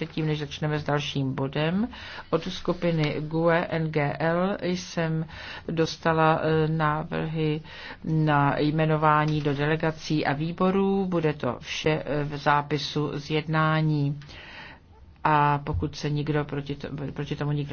předtím, než začneme s dalším bodem. Od skupiny GUE NGL jsem dostala e, návrhy na jmenování do delegací a výborů. Bude to vše e, v zápisu z jednání. A pokud se nikdo proti, to, proti tomu nikdo